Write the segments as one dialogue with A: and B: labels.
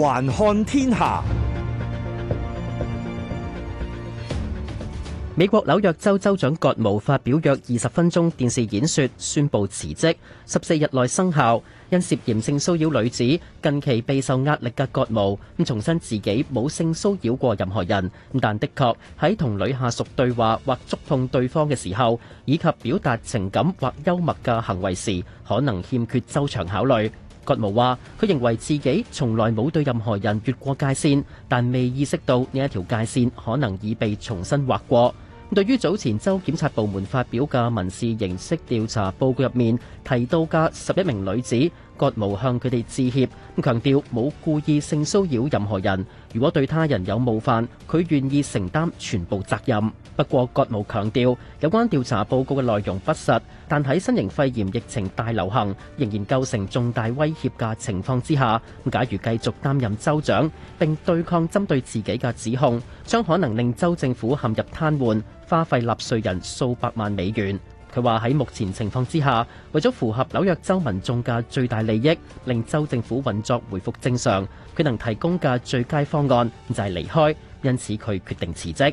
A: 環看天下，美國紐約州州長葛謨發表約二十分鐘電視演說，宣布辭職，十四日內生效。因涉嫌性騷擾女子，近期備受壓力嘅葛謨咁，重申自己冇性騷擾過任何人。咁但的確喺同女下屬對話或觸碰對方嘅時候，以及表達情感或幽默嘅行為時，可能欠缺周詳考慮。葛謨話：佢認為自己從來冇對任何人越過界線，但未意識到呢一條界線可能已被重新劃過。對於早前州檢察部門發表嘅民事形式調查報告入面提到嘅十一名女子。葛謨向佢哋致歉，咁強調冇故意性騷擾任何人。如果對他人有冒犯，佢願意承擔全部責任。不過葛謨強調，有關調查報告嘅內容不實，但喺新型肺炎疫情大流行仍然構成重大威脅嘅情況之下，咁假如繼續擔任州長並對抗針對自己嘅指控，將可能令州政府陷入癱瘓，花費納稅人數百萬美元。佢話喺目前情況之下，為咗符合紐約州民眾嘅最大利益，令州政府運作回復正常，佢能提供嘅最佳方案就係離開，因此佢決定辭職。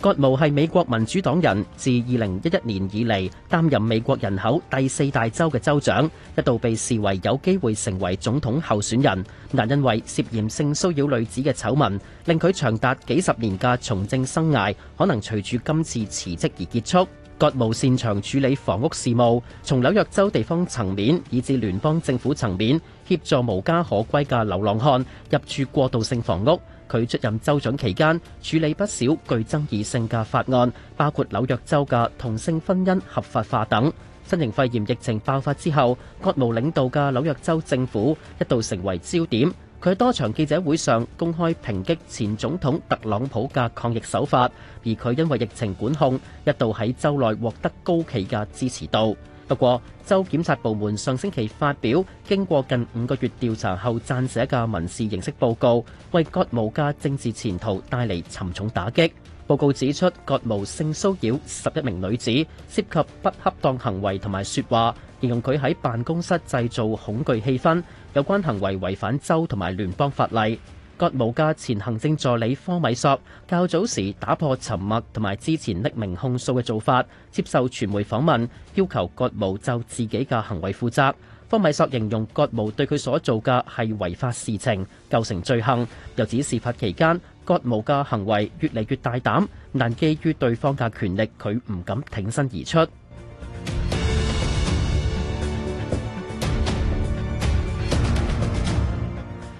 A: 葛謨係美國民主黨人，自二零一一年以嚟擔任美國人口第四大州嘅州長，一度被視為有機會成為總統候選人。但因為涉嫌性騷擾女子嘅醜聞，令佢長達幾十年嘅從政生涯可能隨住今次辭職而結束。葛謨擅長處理房屋事務，從紐約州地方層面以至聯邦政府層面，協助無家可歸嘅流浪漢入住過渡性房屋。佢出任州長期間，處理不少具爭議性嘅法案，包括紐約州嘅同性婚姻合法化等。新型肺炎疫情爆發之後，葛謨領導嘅紐約州政府一度成為焦點。佢喺多場記者會上公開抨擊前總統特朗普嘅抗疫手法，而佢因為疫情管控一度喺州內獲得高企嘅支持度。不過，州檢察部門上星期發表經過近五個月調查後撰寫嘅民事形式報告，為葛謨嘅政治前途帶嚟沉重打擊。報告指出，葛謨性騷擾十一名女子，涉及不恰當行為同埋説話，形容佢喺辦公室製造恐懼氣氛，有關行為違反州同埋聯邦法例。葛謨家前行政助理科米索較早時打破沉默同埋之前匿名控訴嘅做法，接受傳媒訪問，要求葛謨就自己嘅行為負責。科米索形容葛謨對佢所做嘅係違法事情，構成罪行，又指事發期間葛謨嘅行為越嚟越大膽，但基於對方嘅權力，佢唔敢挺身而出。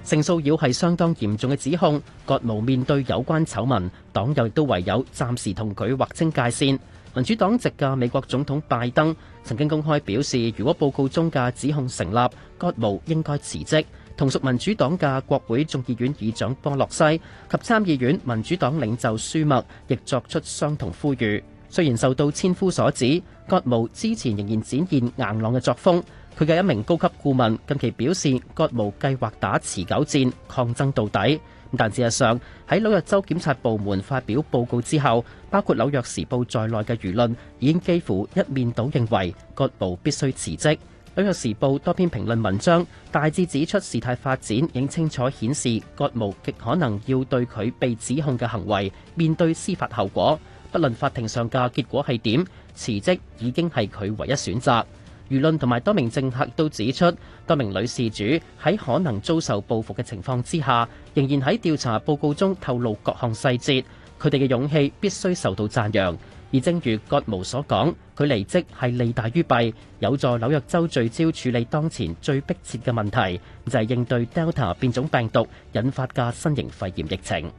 A: 性騷擾係相當嚴重嘅指控，葛謨面對有關醜聞，黨友亦都唯有暫時同佢劃清界線。民主黨籍嘅美國總統拜登曾經公開表示，如果報告中嘅指控成立，葛謨應該辭職。同屬民主黨嘅國會眾議院議長波洛西及參議院民主黨領袖舒麥亦作出相同呼籲。雖然受到千夫所指，葛謨之前仍然展現硬朗嘅作風。佢嘅一名高級顧問近期表示，葛謨計劃打持久戰抗爭到底。但事實上，喺紐約州檢察部門發表報告之後，包括紐約時報在內嘅輿論已經幾乎一面倒認為葛謨必須辭職。紐約時報多篇評論文章大致指出事態發展已經清楚顯示葛謨極可能要對佢被指控嘅行為面對司法後果，不論法庭上嘅結果係點，辭職已經係佢唯一選擇。，輿論同埋多名政客都指出，多名女事主喺可能遭受報復嘅情況之下，仍然喺調查報告中透露各項細節，佢哋嘅勇氣必須受到讚揚。而正如葛謨所講，佢離職係利大於弊，有助紐約州聚焦處理當前最迫切嘅問題，就係、是、應對 Delta 變種病毒引發嘅新型肺炎疫情。